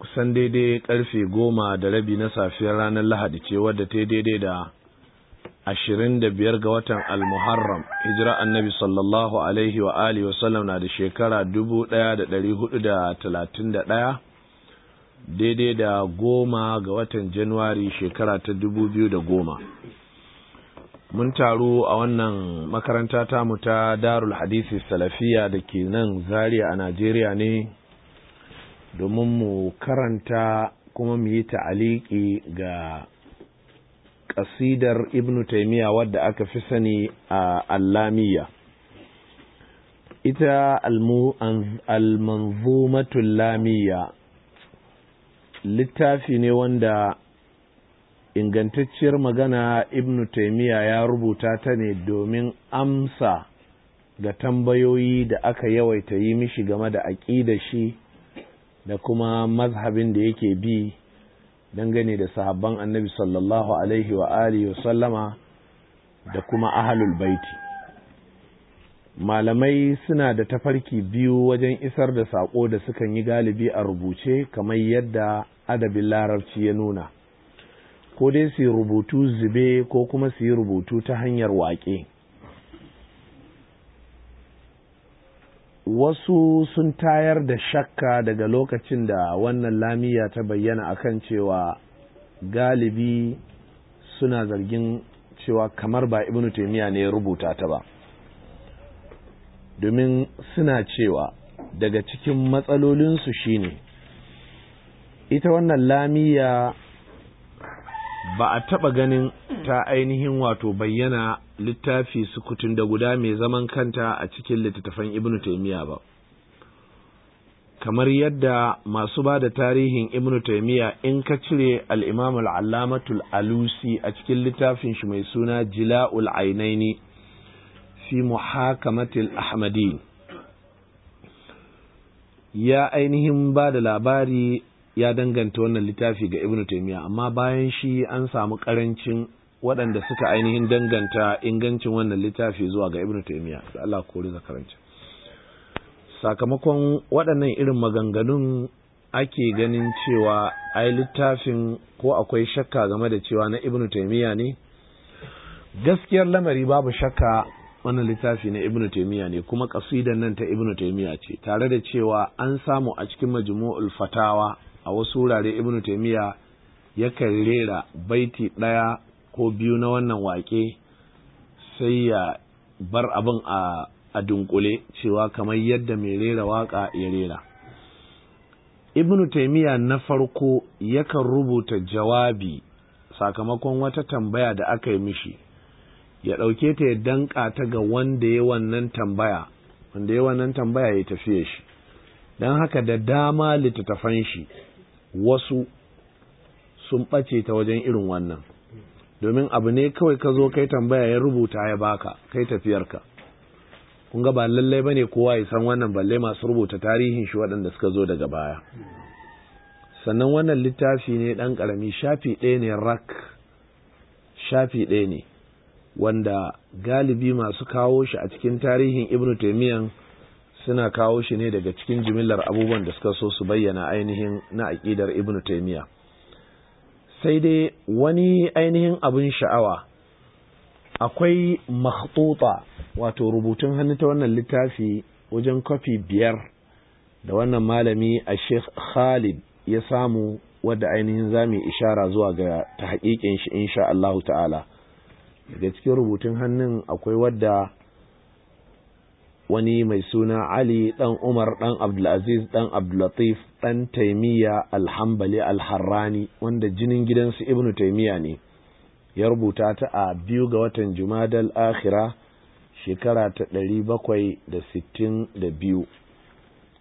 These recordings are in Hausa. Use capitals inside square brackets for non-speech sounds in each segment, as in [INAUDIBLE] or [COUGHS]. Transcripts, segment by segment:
kusan daidai karfe goma da rabi na safiyar ranar lahadi ce wadda ta daidai da ashirin da biyar ga watan almuharram hijira annabi sallallahu alaihi wa alihi sallam na da shekara dubu daya da dari hudu da talatin da daya daidai da goma ga watan januwari shekara ta dubu biyu da goma mun taru a wannan makaranta mu ta darul hadisi salafiya da ke nan zaria a najeriya ne domin mu karanta kuma mu yi ta'aliki ga ƙasidar ibn taimiyya wadda aka fi sani a allamiyya ita almanzumatul lamiyya littafi ne wanda ingantacciyar magana ibn taimiyya ya rubuta ta ne domin amsa ga tambayoyi da aka yawaita yi mishi game da aƙidashi shi da kuma mazhabin da yake bi dangane da sahabban annabi sallallahu alaihi wa alihi wa sallama da kuma ahalul baiti malamai suna da tafarki biyu wajen isar da saƙo da sukan yi galibi a rubuce kamar yadda adabin larabci ya nuna ko dai su rubutu zube ko kuma su yi rubutu ta hanyar waƙe wasu sun tayar da shakka daga lokacin da wannan lamiya ta bayyana akan cewa galibi suna zargin cewa kamar ba ibnu taimiyya ne ya rubuta ta ba domin suna cewa daga cikin matsalolinsu shine ita wannan lamiya ba a taɓa ganin ta ainihin wato bayyana littafi sukutun da guda mai zaman kanta a cikin littattafan ibnu taimiya ba kamar yadda masu ba da tarihin ibnu taimiya, in ka cire al'imam alamatul alusi a cikin littafin shi mai suna jila'ul ainaini fi muhakamatil ahmadi ya ainihin ba da labari ya danganta wannan littafi ga ibnu taimiya amma bayan shi an samu karancin waɗanda suka ainihin danganta ingancin wannan littafi zuwa ga ibnu taymiya da Allah kori zakaranci sakamakon waɗannan irin maganganun ake ganin cewa ai littafin ko akwai shakka game da cewa na ibnu taimiya ne gaskiyar lamari babu shakka wannan littafi na ibnu taimiya ne kuma kasidan nan ta ibnu taimiya ce tare da cewa an samu a cikin majmu'ul fatawa a wasu wurare ibnu taimiya yakan rera baiti ɗaya ko biyu na wannan waƙe sai ya bar abin a a dunkule cewa kamar yadda mai rera waƙa ya rera ibnu taimiyya na farko yakan rubuta jawabi sakamakon wata tambaya da aka yi mishi ya ɗauke ta ya danƙa ta ga wanda ya wannan tambaya wanda ya wannan tambaya ya tafiye shi don haka da dama littattafan shi wasu sun ɓace ta wajen irin wannan domin abu ne kawai ka zo kai tambaya ya rubuta ya baka kai tafiyarka kun ga ba lallai bane kowa ya san wannan balle masu rubuta tarihin shi waɗanda suka zo daga baya sannan wannan littafi ne ɗan ƙarami shafi ɗaya ne rak shafi ɗaya ne wanda galibi masu kawo shi a cikin tarihin ibnu taimiyan suna kawo shi ne daga cikin jimillar abubuwan da suka so su bayyana ainihin na aƙidar ibnu taimiya sai dai wani ainihin abin sha'awa akwai makhtuta wato rubutun hannu ta wannan littafi wajen kwafi biyar da wannan malami a sheikh khalid ya samu wadda ainihin za mu ishara zuwa ga ta haƙiƙin shi insha Allah ta'ala daga cikin rubutun hannun akwai wadda wani mai suna Ali ɗan Umar ɗan Abdulaziz ɗan Abdulatif ɗan taimiyya alhambali alharrani wanda jinin gidansu ibnu taimiyya ne ya rubuta ta a biyu ga watan jumadal akhira shekara ta ɗari bakwai da sittin da biyu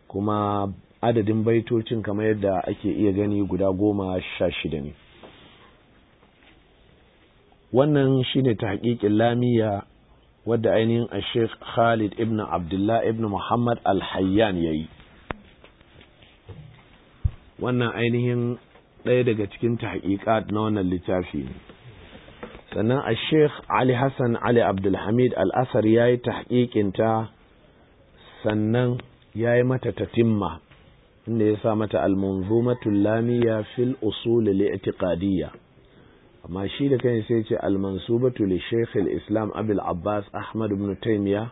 kuma adadin baitocin kamar yadda ake iya gani guda goma sha shida ne wannan shine ta haƙiƙin lamiya wadda ainihin a sheikh khalid ibn abdullah ibn muhammad al-hayyan ya yi wannan ainihin ɗaya daga cikin tahqiqat na wannan littafi ne sannan a sheikh ali hassan ali abdulhamid al'asar ya yi tahqiqinta sannan ya yi mata tatimma inda ya sa mata almanzumatul lamiya fil usul li'tiqadiyya amma shi da kan sai ce almansubatu li sheikh al-islam abul abbas ahmad ibn taymiya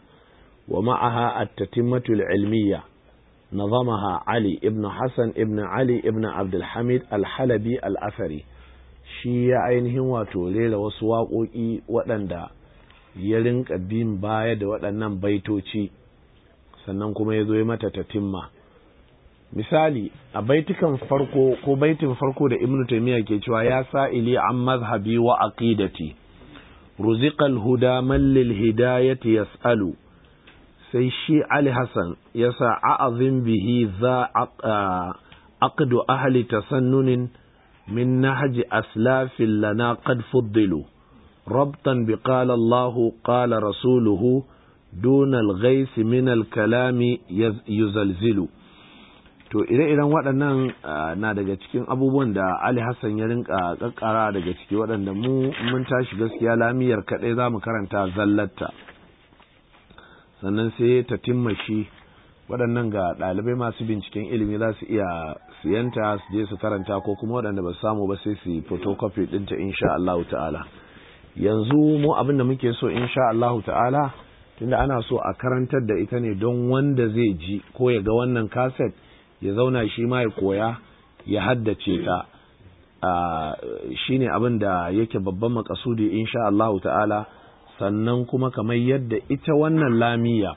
wa ma'aha at-tatimmatu ilmiyya نظمها علي ابن حسن ابن علي ابن عبد الحميد الحلبي الأثري shi ya ainihin wato rera wasu waƙoƙi waɗanda ya rinka bin baya da waɗannan baitoci sannan kuma ya zo ya mata tatimma misali a baitukan farko ko baitin farko da ibnu taymiya ke cewa ya sa'ili an mazhabi wa aqidati ruziqal huda man lil hidayati yas'alu sai shi Ali Hassan ya sa a'azin bihi za aqdu ahli tasannunin min nahji aslafin lana qad fuddilu rabtan bi qala Allah qala rasuluhu دون الغيث من الكلام يزلزل to ire-iren waɗannan na daga cikin abubuwan da Ali Hassan ya rinka kakkara daga ciki waɗanda mu mun tashi gaskiya lamiyar kaɗai za mu karanta zallatta sannan sai ta timmashi waɗannan ga ɗalibai masu binciken ilimi za su iya siyanta su je su karanta ko kuma waɗanda ba su samu ba sai su yi photocopy ɗinta insha Allah ta'ala yanzu mu abin da muke so insha Allah ta'ala tunda ana so a karantar da ita ne don wanda zai ji ko ya ga wannan kaset ya zauna shi ma ya koya ya haddace ta ah, shine abin da yake babban makasudi insha Allah ta'ala sannan kuma kamar yadda ita wannan lamiya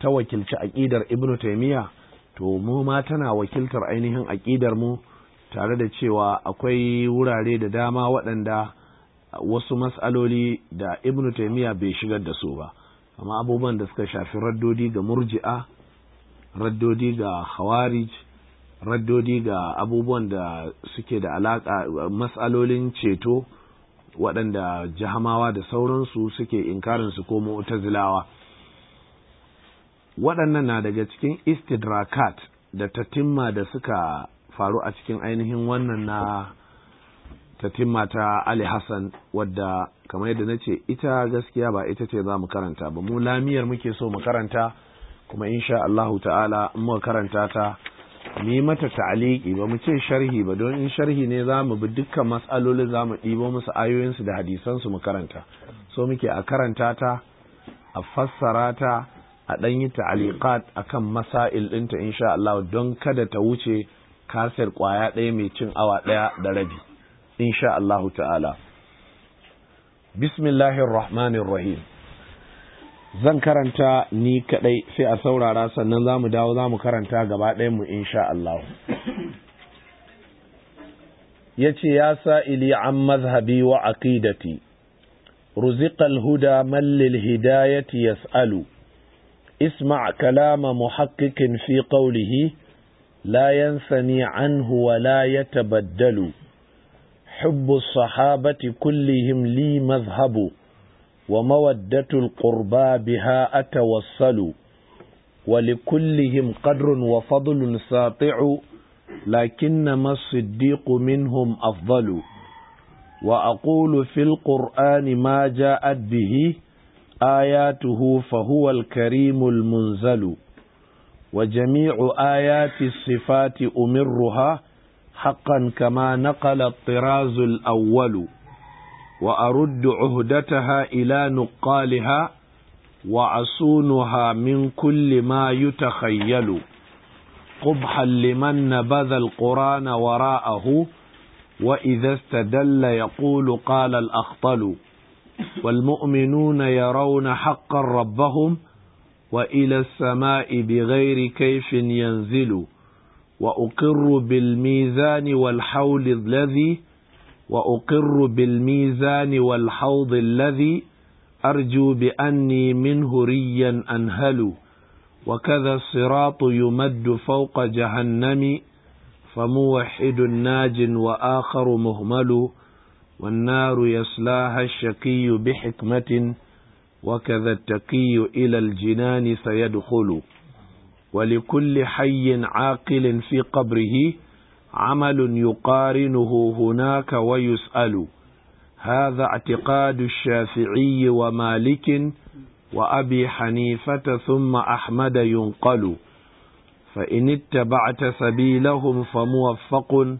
ta wakilci aƙidar ibnu taimiyya to mu ma tana wakiltar ainihin aƙidar mu tare da cewa akwai wurare da dama waɗanda wasu matsaloli da ibnu taimiyya bai shigar da su ba amma abubuwan da suka shafi raddodi ga murji'a raddodi ga hawarij raddodi ga abubuwan da suke da alaƙa matsalolin ceto waɗanda jahamawa da sauransu suke inkarinsu ko mu'tazilawa waɗannan na daga cikin istidrakat da tatimma da suka faru a cikin ainihin wannan na tatimma ta Ali Hassan wadda kamar yadda na ce ita gaskiya ba ita ce za mu karanta ba mu lamiyar muke so mu karanta kuma insha Allahu ta'ala in muka karanta ta mu mata ta'aliki ba mu ce sharhi ba don in sharhi ne za mu bi dukkan matsalolin za mu ɗibo musu ayoyinsu da hadisansu mu karanta so muke a karanta ta a fassara ta a ɗan yi ta'aliqat akan masail ɗinta insha Allah don kada ta wuce kasar ƙwaya ɗaya mai cin awa ɗaya da rabi insha Allah ta'ala bismillahir zan karanta ni kaɗai sai a saurara sannan za mu dawo za mu karanta gaba mu insha Allah. Ya ce, Ya sa’ili an mazhabi wa aqidati ruziƙal huda mallil hidayati yas'alu isma kalama muhaqqiqin fi qawlihi la yansani anhu wa la yatabaddalu hubbu sahabati kullihim li mazhabu ومودة القربى بها أتوصل ولكلهم قدر وفضل ساطع لكنما الصديق منهم أفضل وأقول في القرآن ما جاءت به آياته فهو الكريم المنزل وجميع آيات الصفات أمرها حقا كما نقل الطراز الأول وأرد عهدتها إلى نقالها وأصونها من كل ما يتخيل قبحا لمن نبذ القرآن وراءه وإذا استدل يقول قال الأخطل والمؤمنون يرون حقا ربهم وإلى السماء بغير كيف ينزل وأقر بالميزان والحول الذي وأقر بالميزان والحوض الذي أرجو بأني منه ريا أنهل وكذا الصراط يمد فوق جهنم فموحد ناج وآخر مهمل والنار يسلاها الشقي بحكمة وكذا التقي إلى الجنان سيدخل ولكل حي عاقل في قبره عمل يقارنه هناك ويسأل هذا اعتقاد الشافعي ومالك وأبي حنيفة ثم أحمد ينقل فإن اتبعت سبيلهم فموفق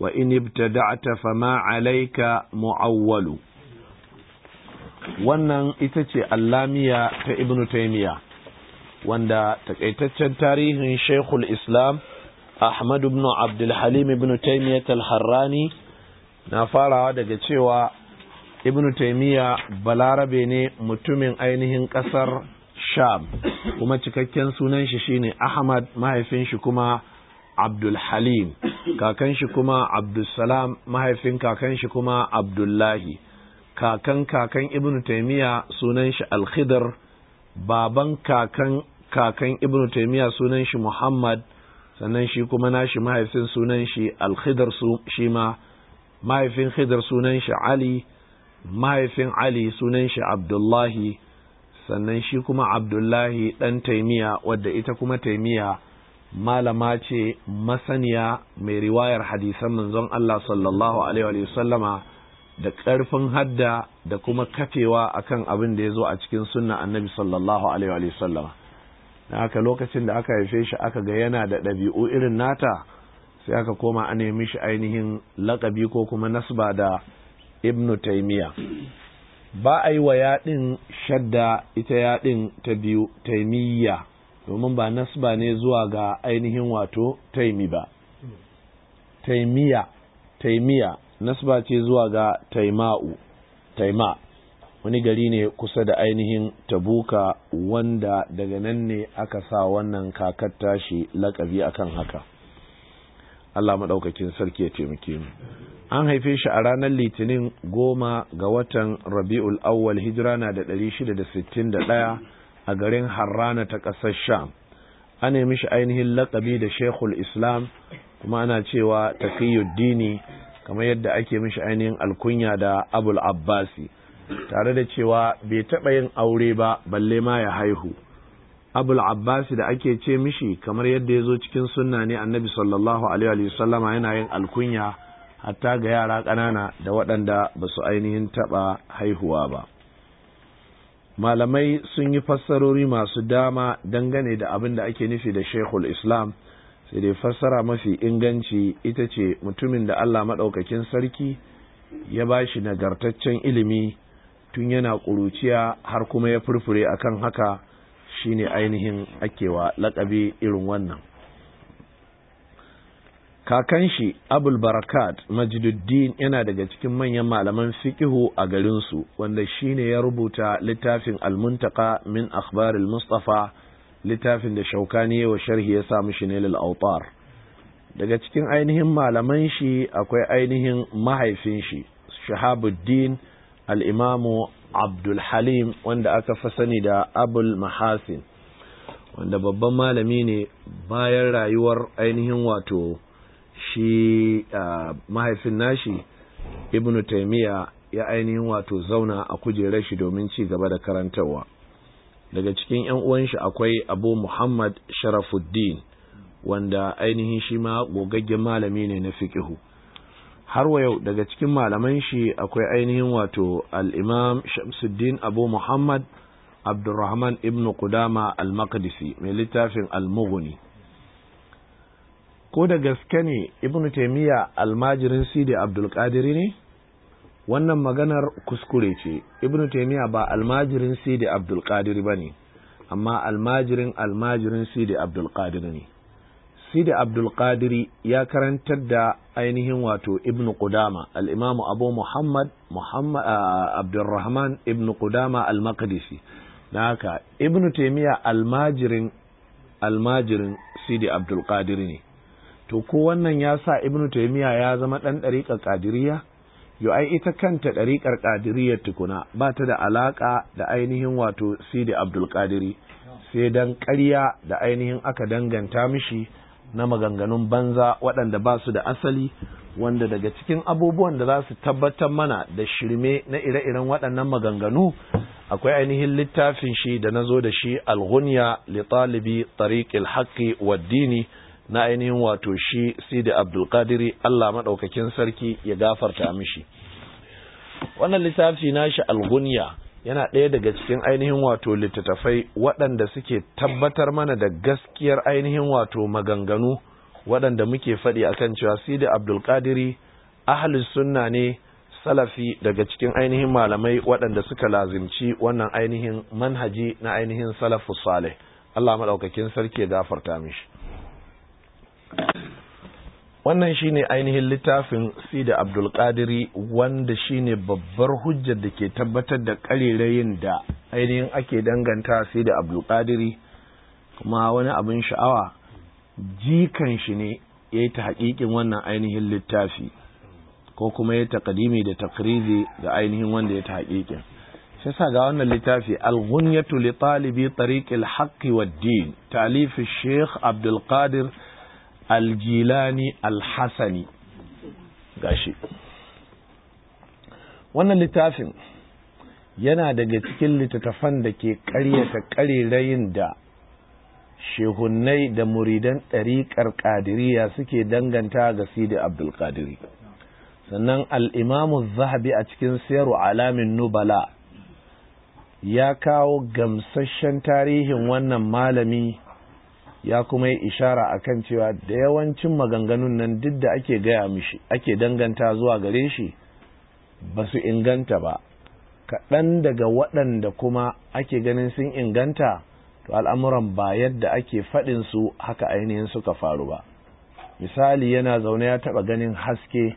وإن ابتدعت فما عليك معول wannan ita ce allamiya ta ibnu taimiya wanda takaitaccen tarihin shekul islam Ahmad ibn Abdul Halim ibn Taymiyyah al na farawa daga cewa Ibn Taymiyyah balarabe ne mutumin ainihin kasar Sham kuma cikakken sunan shi shine Ahmad mahaifin shi kuma Abdul Halim kakan kuma Abdul mahaifin kakanshi kuma Abdullahi kakan kakan Ibn Taymiyyah sunan shi al baban kakan kakan Ibn Taymiyyah sunan shi Muhammad sannan shi kuma nashi mahaifin sunan shi alkhidar su shi ma mahaifin khidar sunan shi ali mahaifin ali sunan shi abdullahi sannan shi kuma abdullahi ɗan taimiya wadda ita kuma taimiya malama ce masaniya mai riwayar hadisan manzon Allah sallallahu alaihi wa sallama da ƙarfin hadda da kuma kafewa akan abin da ya zo a cikin sunna annabi sallallahu alaihi wa sallama na aka lokacin da aka haife shi aka ga yana da ɗabi'u irin nata sai aka koma a nemi shi ainihin laƙabi ko kuma nasba da ibnu taimiya ba a yi wa yaɗin shadda ita yaɗin ta biyu taimiyya domin ba nasba ne zuwa ga ainihin wato taimi ba taimiya taimiya nasba ce zuwa ga taima'u taima wani gari ne kusa da ainihin tabuka wanda daga nan ne aka sa wannan kakar tashi lakabi akan haka Allah maɗaukakin sarki ya taimake mu an haife shi a ranar litinin goma ga watan rabi'ul awwal hijira na da da ɗaya a garin harrana ta ƙasar sham an nemi shi ainihin lakabi da shekul islam kuma ana cewa taqiyuddini kamar yadda ake mishi ainihin alkunya da abul abbasi tare da cewa bai taɓa yin aure ba balle ma ya haihu abul abbasi da ake ce mishi kamar yadda ya zo cikin sunna ne annabi sallallahu alaihi sallama yana yin alkunya hatta ga yara ƙanana da waɗanda ba su ainihin taɓa haihuwa ba malamai sun yi fassarori masu dama dangane da abin da ake nufi da shekul islam sai dai fassara mafi inganci ita ce mutumin da allah maɗaukakin sarki ya ba shi nagartaccen ilimi tun yana ƙuruciya har kuma ya furfure akan haka shine ainihin akewa lakabi irin wannan kakan shi abul barakat majiduddin yana daga cikin manyan malaman fikihu a garinsu wanda shi ne ya rubuta littafin almuntaka min akhbaril mustafa littafin da shaukani wa sharhi ya samu shi ne autar daga cikin ainihin malaman shi akwai ainihin mahaifin shi shahabuddin al'imamu abdulhalim wanda aka fa sani da abul mahasin wanda babban malami ne bayan rayuwar ainihin wato shi mahaifin nashi ibnu taimiyya ya ainihin wato zauna a kujerar shi domin ci gaba da karantarwa daga cikin 'yan uwanshi akwai abu muhammad sharafuddin wanda ainihin shi ma gogaggen malami ne na fiƙihu har wa yau daga cikin malaman shi akwai ainihin wato al-imam shamsuddin abu muhammad abdurrahman ibn kudama al-maqdisi mai littafin al-mughni ko da gaske ne ibn taimiyya almajirin sidi abdulkadiri ne wannan maganar kuskure ce ibn taimiyya ba almajirin sidi abdulkadiri ba ne amma almajirin almajirin sidi abdulkadiri ne Sidi Abdul Qadiri ya karantar da ainihin wato Ibn Qudama al-Imam Abu Muhammad Muhammad ah, Abdurrahman Ibn Qudama al-Maqdisi na Ibn Taymiyyah almajirin almajirin Sidi Abdul Qadiri ne to ko wannan ya sa Ibn Taymiyyah ya zama dan ɗariƙar ƙadiriya yo ai ita kanta ɗariƙar Qadiriyya tukuna ba ta da alaka da ainihin wato Sidi Abdul Qadiri sai dan ƙarya da ainihin aka danganta mishi na maganganun banza waɗanda ba su da asali wanda daga cikin abubuwan da za su tabbatar mana da shirme na ire-iren waɗannan maganganu akwai ainihin littafin shi da na zo da shi al'hunya, li talibi tariqil haqqi waddini na ainihin wato shi sidi abdulkadiri allah maɗaukakin sarki ya gafarta mishi wannan littafi shi al'hunya. yana ɗaya daga cikin ainihin wato littattafai waɗanda suke tabbatar mana da gaskiyar ainihin wato maganganu waɗanda muke faɗi a kan cewa sidi abdulkadiri ahalus sunna ne salafi daga cikin ainihin malamai waɗanda suka lazimci wannan ainihin manhaji na ainihin salafu salih Allah maɗaukakin sarki ya gafarta mishi wannan shine ainihin littafin sida abdulkadiri wanda shine babbar hujjar da ke tabbatar da karerayin da ainihin ake danganta sida abdulkadiri kuma wani abin sha'awa jikan shi ne ya yi ta haƙiƙin wannan ainihin littafi ko kuma ya ta ƙadimi da takrizi ga ainihin wanda ya ta haƙiƙin shi sa ga wannan littafi al-ghunyatu li talibi tariqil haqqi wad-din talif sheikh abdulkadir aljilani alhassani gashi wannan littafin yana daga cikin littattafan da ke ƙaryata ƙarerayin da shehunnai da muridan ɗariƙar ƙadiriya suke danganta ga sidi abdulkadiri sannan al'imamu zahabi a cikin sayarwa alamin nubala ya kawo gamsashen tarihin wannan malami ya kuma yi ishara a kan cewa da yawancin maganganun nan duk da ake gaya mishi ake danganta zuwa gare shi ba su inganta ba kaɗan daga waɗanda kuma ake ganin sun inganta to al'amuran ba yadda ake faɗin su haka ainihin suka faru ba misali yana zaune ya taɓa ganin haske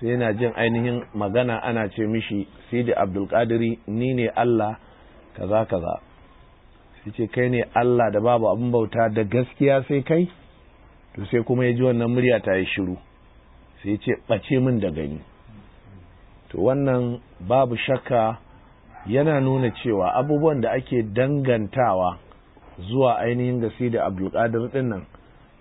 sai yana jin ainihin magana ana ce mishi sidi abdulkadiri ni ne allah kaza kaza su ce kai ne Allah da babu abin bauta da gaskiya sai kai to sai kuma ya ji wannan murya ta yi shiru sai yace ce ɓace min da gani to wannan babu shakka yana nuna cewa abubuwan da ake dangantawa zuwa ainihin da si da qadir din nan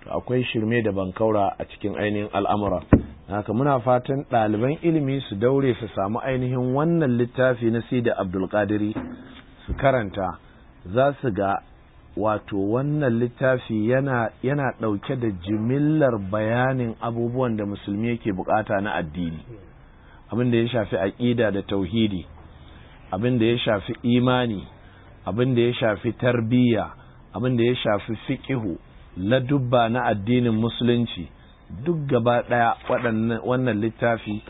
to akwai shirme da bankaura a cikin ainihin al'amura haka muna fatan ɗaliban ilimi su daure su samu ainihin wannan littafi na si da abdulkadiri su karanta za su ga wato wannan littafi yana yana ɗauke da jimillar bayanin abubuwan da musulmi yake bukata na addini abin da ya shafi aƙida da tauhidi abin da ya shafi imani abin da ya shafi tarbiyya abin da ya shafi fiƙihu ladubba na addinin musulunci duk gaba ɗaya wannan littafi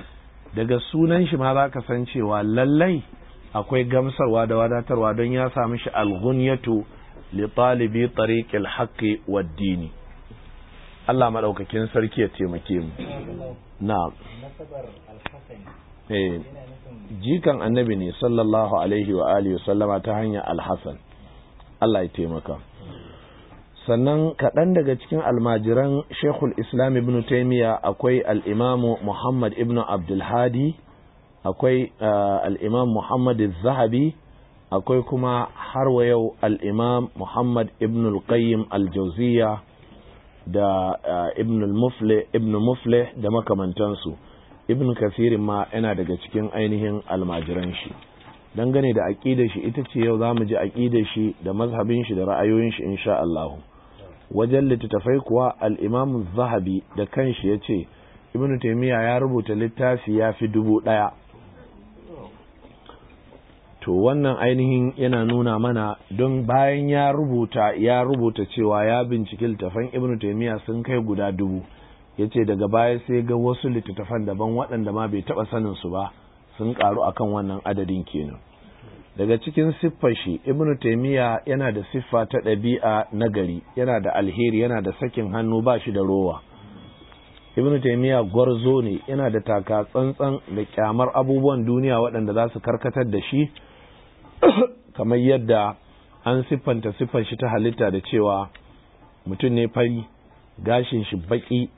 daga sunan shi ma za ka san cewa lallai akwai gamsarwa da wadatarwa don ya sami shi alghunyatu li talibi tariqil haqqi wad dini Allah madaukakin sarki ya taimake mu na'am eh jikan annabi ne sallallahu alaihi wa alihi sallama ta hanyar alhasan Allah ya taimaka sannan kaɗan daga cikin almajiran shekul islam ibn taimiya akwai al'imamu muhammad ibn abdulhadi akwai uh, al'imam muhammad zahabi akwai kuma har wa yau al'imam muhammad ibn al-qayyim al-jauziya da uh, ibn mufle da makamantansu ibn kasirin ma yana daga cikin ainihin almajiran shi dangane da aƙidar shi ita ce yau za mu ji aƙidar shi da mazhabin shi da ra'ayoyin shi insha Allah wajen littattafai kuwa al zahabi da kanshi ya ce ibn taimiyya ya rubuta littafi ya fi dubu ɗaya to wannan ainihin yana nuna mana don bayan ya rubuta ya rubuta cewa ya binciki littafan Ibn taimiyya sun kai guda dubu ya ce daga baya sai ga wasu littattafan daban waɗanda ma bai taɓa sanin su ba sun ƙaru akan wannan adadin kenan daga cikin siffar shi Ibn taimiyya yana da siffa ta ɗabi'a na gari yana da alheri yana da sakin hannu ba shi da rowa Ibn taimiyya gwarzo ne yana da taka tsantsan da kyamar abubuwan duniya waɗanda za su karkatar da shi [COUGHS] kamar yadda an siffanta siffan shi ta halitta da cewa mutum ne fari gashin shi baki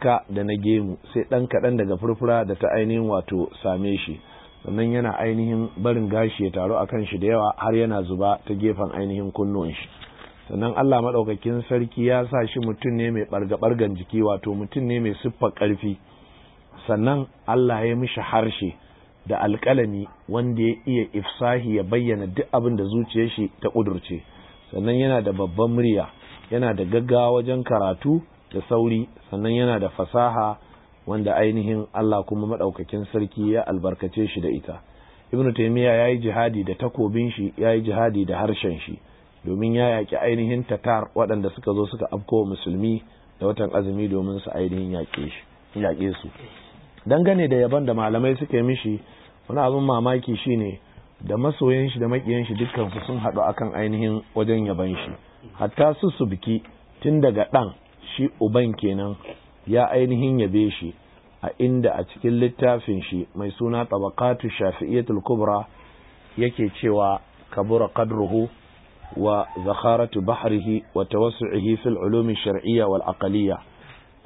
ka da na gemu sai ɗan kaɗan daga furfura da ta ainihin wato same shi sannan yana ainihin barin gashi ya taru a kan shi da yawa har yana zuba ta gefen ainihin kunnuwan shi sannan Allah maɗaukakin sarki ya sa shi mutum ne mai ɓarga-ɓargan jiki wato mutum ne mai siffa ƙarfi sannan Allah ya mishi harshe da alƙalami wanda ya iya ifsahi ya bayyana duk abin da zuciyar shi ta ƙudurce sannan yana da babban murya yana da gaggawa wajen karatu da sauri sannan yana da fasaha wanda ainihin Allah kuma maɗaukakin sarki ya albarkace shi da ita ibn taymiya yayi jihadi da takobin shi ya yi jihadi da harshen shi domin ya yaƙi ainihin tatar waɗanda suka zo suka afko musulmi da watan azumi domin su ainihin yaƙe su dangane da yaban da malamai suke mishi wani abin mamaki shine da masoyan shi da makiyan shi dukkan su sun haɗu akan ainihin wajen yaban shi hatta su su biki tun daga ɗan shi uban kenan ya ainihin yabe shi a inda a cikin littafin shi mai suna tabakatu shafi'iyatul kubra yake cewa kabura qadruhu wa zakharatu bahrihi wa tawassu'ihi fil ulumi shar'iyya wal aqliyya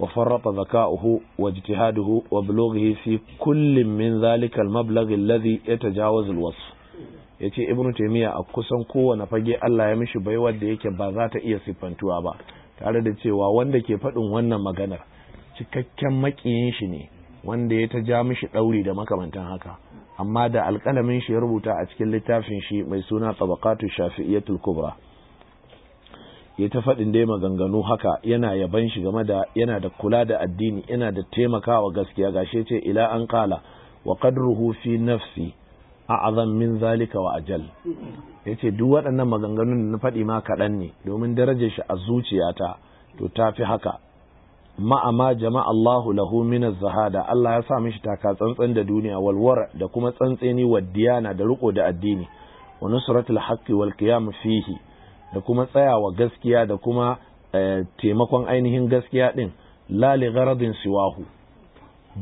وفرط ذكاؤه واجتهاده وبلوغه في كل من ذلك المبلغ الذي يتجاوز الوصف yace ibnu taymiya a kusan kowane fage Allah ya mishi baiwar da yake ba za ta iya siffantuwa ba tare da cewa wanda ke faɗin wannan maganar cikakken makiyin shi ne wanda ya ta ja mishi ɗauri da makamantan haka amma da alƙalamin shi ya rubuta a cikin littafin shi mai suna tabaqatu shafi'iyatul kubra ya ta faɗin dai maganganu haka yana yaban shi game da yana da kula da addini yana da taimakawa gaskiya gashe ce ila an kala wa qadruhu fi nafsi azan min zalika wa ajal ya ce duk waɗannan maganganun da na faɗi ma kaɗan ne domin darajar shi a zuciyata to ta fi haka ma'ama jama'a Allahu lahu min zahada Allah ya sa mishi taka tsantsan da duniya walwar da kuma tsantseni wa diyana da riko da addini wa nusratul haqqi wal qiyam fihi da kuma tsayawa gaskiya da kuma eh, taimakon ainihin gaskiya din lali garadin siwahu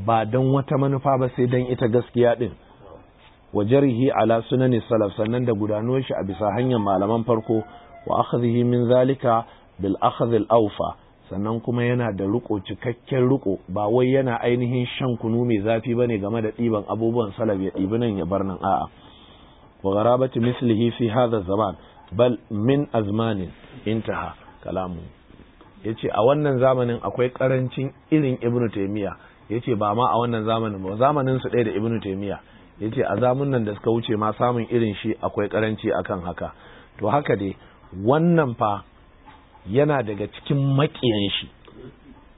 ba don wata manufa ba sai don ita gaskiya din wajarihi ala sunani salaf sannan da gudanuwar shi a bisa hanyar malaman farko wa akhadhihi min zalika bil akhadh al awfa sannan kuma yana da riko cikakken riko ba wai yana ainihin shan kunu mai zafi bane game da ɗiban abubuwan salaf ya ɗibi nan ya bar nan a'a wa gharabati mislihi fi hadha zaman bal min azmanin intaha kalamu yace a wannan zamanin akwai karancin irin ibnu taymiya yace ba ma a wannan zamanin ba zamanin su ɗaya da ibnu taymiya yace a zamanin da suka wuce ma samun irin shi akwai karanci akan haka to haka dai wannan fa yana daga cikin maƙiyan shi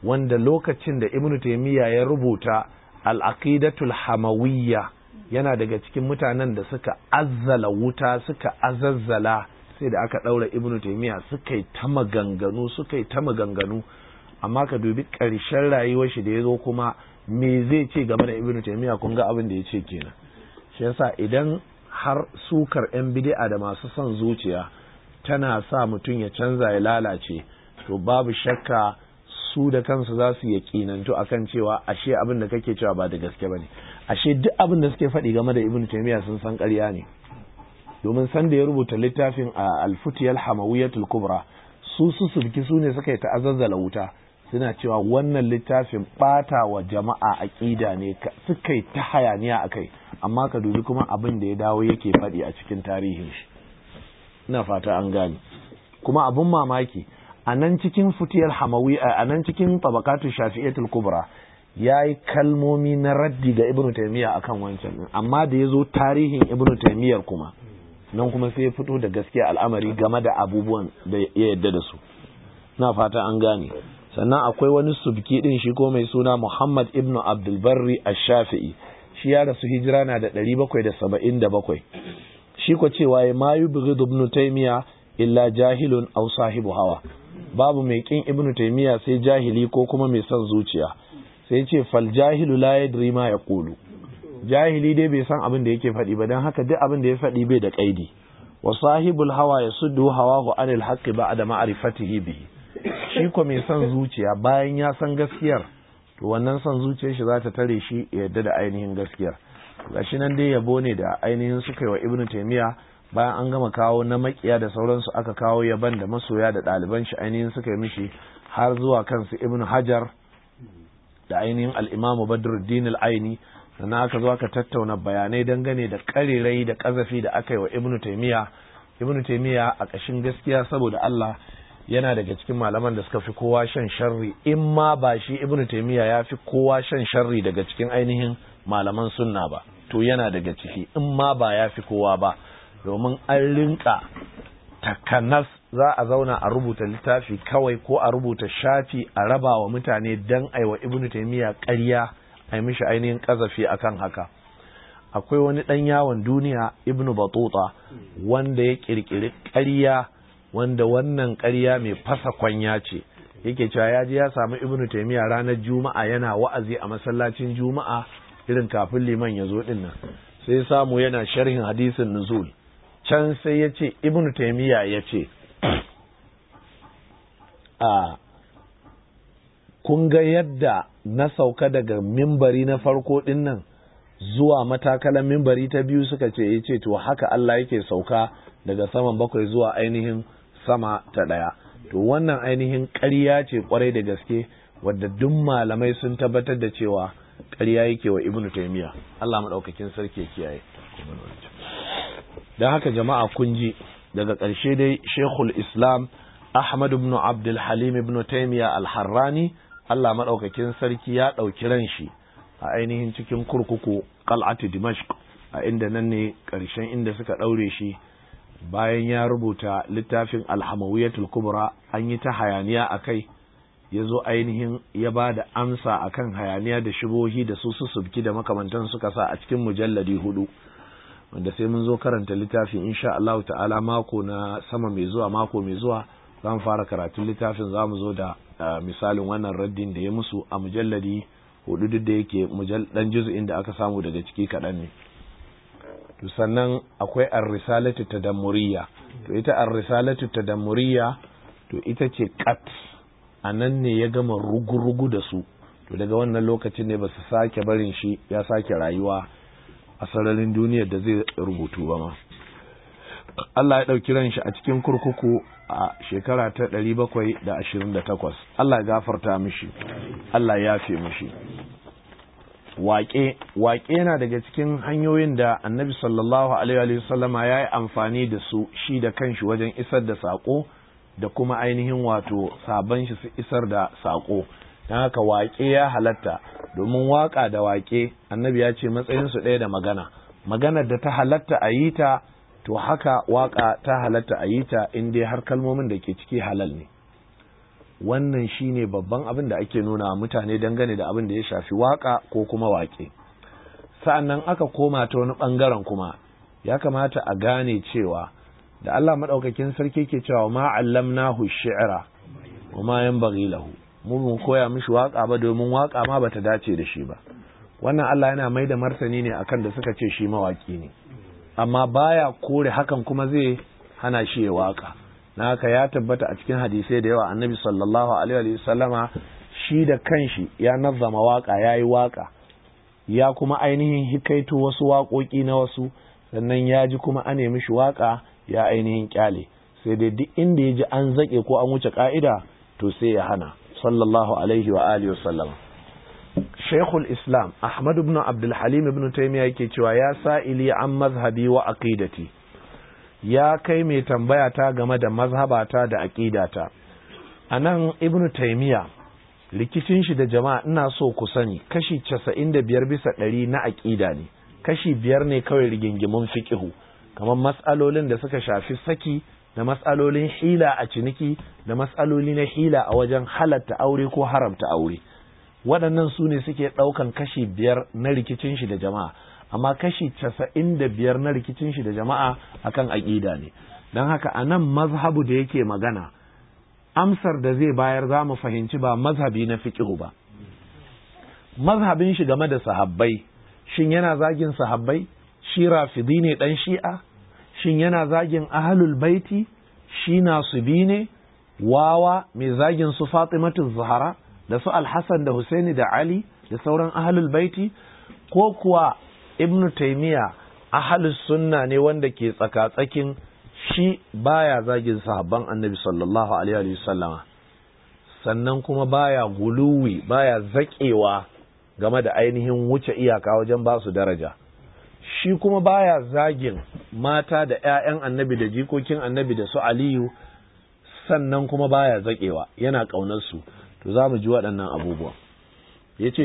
wanda lokacin da ibnu taymiya ya rubuta al-aqidatul hamawiyya yana daga cikin mutanen da suka azzala wuta suka azazzala sai da aka ɗaura ibnu taimiyya suka yi ta maganganu suka yi ta maganganu amma ka dubi ƙarshen rayuwar shi da ya zo kuma me zai ce game da ibnu taimiya kun ga abin da ya ce kenan shi yasa idan har sukar yan bid'a da masu son zuciya tana sa mutum ya canza ya lalace to babu shakka su da kansu za su a akan cewa ashe abin da kake cewa ba da gaske ne ashe duk abin da suke faɗi game da ibnu taimiya sun san ƙarya ne domin sanda ya rubuta littafin a alfutiyar hamawiyatul kubra su su sulki su ne suka yi ta azazzala wuta suna cewa wannan littafin bata wa jama'a aƙida ne suka yi ta hayaniya a kai amma ka dubi kuma abin da ya dawo yake faɗi a cikin tarihin shi ina fata an gane kuma abin mamaki a nan cikin futiyar hamawi a nan cikin tabakatu shafi'atul kubra ya yi kalmomi na raddi ga ibnu taymiya akan wancan amma da ya zo tarihin ibnu taymiyar kuma nan kuma sai ya fito da gaskiya al'amari game da abubuwan da ya yadda da su na fata an gane sannan akwai wani subki din shi ko mai suna Muhammad ibn abdulbarri a shafii shi ya rasu hijira na da da 777 shi ko cewa ya mayu bugu ibn taimiya illa jahilun au sahibu hawa babu mai kin ibn taimiya sai jahili ko kuma mai son zuciya sai ce fal jahilu la yadri ma yaqulu jahili dai bai san abin da yake faɗi ba don haka duk abin da ya faɗi bai da ƙaidi wa sahibul hawa ya suddu hawahu anil haqqi ba'da ma'rifatihi bihi shi ko mai son zuciya bayan ya san gaskiyar to wannan son zuciyar shi za ta tare shi ya yadda da ainihin gaskiyar gashi nan dai yabo ne da ainihin suka yi wa ibnu taymiya bayan an gama kawo na makiya da sauransu aka kawo yaban da masoya da ɗaliban shi ainihin suka yi mishi har zuwa kansu ibnu hajar da ainihin al al'imamu badruddin aini sannan aka zo aka tattauna bayanai dangane da karirai da kazafi da aka yi wa ibnu taimiya ibnu taimiya a ƙashin gaskiya saboda Allah yana daga cikin malaman da suka fi kowa shan sharri in ma ba shi ibnu taimiya ya fi kowa shan sharri daga cikin ainihin malaman sunna ba to yana daga ciki in ma ba ya fi kowa ba domin an rinka takanas za a zauna a rubuta littafi kawai ko a rubuta shafi a raba wa mutane don aiwa ibnu taimiya ƙarya a mishi ainihin kazafi akan haka akwai wani ɗan yawon duniya ibnu batuta wanda ya ƙirƙiri ƙarya wanda wannan ƙarya mai fasa kwanya ce yake cewa ya ji ya samu ibnu taimiyya ranar juma'a yana wa'azi a masallacin juma'a irin kafin liman ya zo ɗin nan sai samu yana sharhin hadisin nuzul can sai ya ce ibnu taimiyya ya ce a ah, kun ga yadda na sauka daga mimbari na farko din nan zuwa matakalan mimbari ta biyu suka ce ya ce to haka Allah yake sauka daga saman bakwai zuwa ainihin sama ta ɗaya to wannan ainihin ƙarya ce kwarai da gaske wadda duk malamai sun tabbatar da cewa ƙarya yake wa ibnu taimiya Allah maɗaukakin sarki kiyaye don haka jama'a kun ji daga ƙarshe dai shekul islam ahmad ibn abdul halim ibn taimiya al-harrani Allah maɗaukakin sarki ya ɗauki ran shi a ainihin cikin kurkuku kal'atu dimashq a inda nan ne ƙarshen inda suka ɗaure shi bayan ya rubuta littafin alhamawiyatul kubra an yi ta hayaniya a kai ya zo ainihin ya ba da amsa akan hayaniya da shibohi da su susubki da makamantan suka sa a cikin mujalladi hudu wanda sai mun zo karanta littafin insha Allah ta'ala mako na sama mai zuwa mako mai zuwa za mu fara karatun littafin za mu zo da eh, misalin wannan raddin da ya musu a mujalladi hudu duk da yake dan juzu'in da aka samu daga ciki kaɗan ne sannan akwai ar-risalatu to ita ar-risalatu to ita ce kat a nan ne ya gama rugurugu da su to daga wannan lokacin ne ba su sake barin shi ya sake rayuwa a sararin duniyar da zai rubutu ba ma Allah ya ɗauki ran shi a cikin kurkuku a shekara ta 728 Allah ya gafarta mishi Allah ya fi mishi waƙe waƙe yana daga cikin hanyoyin da annabi sallallahu alaihi wa sallama ya yi amfani da su shi da kanshi wajen isar da saƙo da kuma ainihin wato sabon shi su isar da saƙo don haka waƙe ya halatta domin waƙa da waƙe annabi ya ce matsayin su ɗaya da magana maganar da ta halatta a yi ta to haka waka ta halatta a yi ta in dai har kalmomin da ke ciki halal ne wannan shine babban abin da ake nuna mutane dangane da abin da ya shafi waka ko kuma waƙe sa'annan aka koma ta wani ɓangaren kuma ya kamata a gane cewa da Allah maɗaukakin sarki ke cewa ma allamnahu shi'ra wa ma yanbaghi lahu mu mun koya mishi waka ba domin waka ma bata dace da shi ba wannan Allah yana mai da martani ne akan da suka ce shi mawaki ne amma baya kore hakan kuma zai hana shi ya waka na haka ya tabbata a cikin hadisai da yawa annabi sallallahu alaihi wa sallama shi da kanshi ya nazama waka ya yi waka ya kuma ainihin hikaito wasu waƙoƙi na wasu sannan ya ji kuma an nemi shi waka ya ainihin kyale sai dai duk inda ya ji an zaƙe ko an wuce ka'ida to sai ya hana sallallahu alaihi wa alihi wa sallama shaikhul islam ahmad ibn abdulhalim ibn taimiyya yake cewa ya sa'ili an mazhabi wa aqidati ya kai mai tambaya ta game da mazhabata da aqidata a nan ibn taimiyya likicin shi da jama'a ina so ku sani kashi casa'in da biyar bisa ɗari na aƙida ne kashi biyar ne kawai rigingimun fiƙihu kamar matsalolin da suka shafi saki da matsalolin hila a ciniki da matsaloli na hila a wajen halatta aure ko haramta aure waɗannan su ne suke ɗaukan kashi biyar na rikicin shi da jama'a amma kashi casa'in da biyar na rikicin shi da jama'a akan aƙida ne don haka a nan mazhabu da yake magana amsar da zai bayar za mu fahimci ba mazhabi na fiƙihu ba mazhabin shi game da sahabbai shin yana zagin sahabbai shi rafidi ne ɗan shi'a shin yana zagin ahalul baiti shi nasubi ne wawa mai zagin su fatimatu zahara da su alhassan da husaini da ali da sauran ahalul baiti ko kuwa ibn taimiya ahalus sunna ne wanda ke tsakatsakin shi baya zagin sahabban annabi sallallahu alaihi wa sallam. sannan kuma baya guluwi baya zakewa game da ainihin wuce iyaka wajen ba su daraja shi kuma baya zagin mata da 'ya'yan annabi da jikokin annabi da su aliyu sannan kuma baya zakewa yana su. to za mu ji waɗannan abubuwa ya ce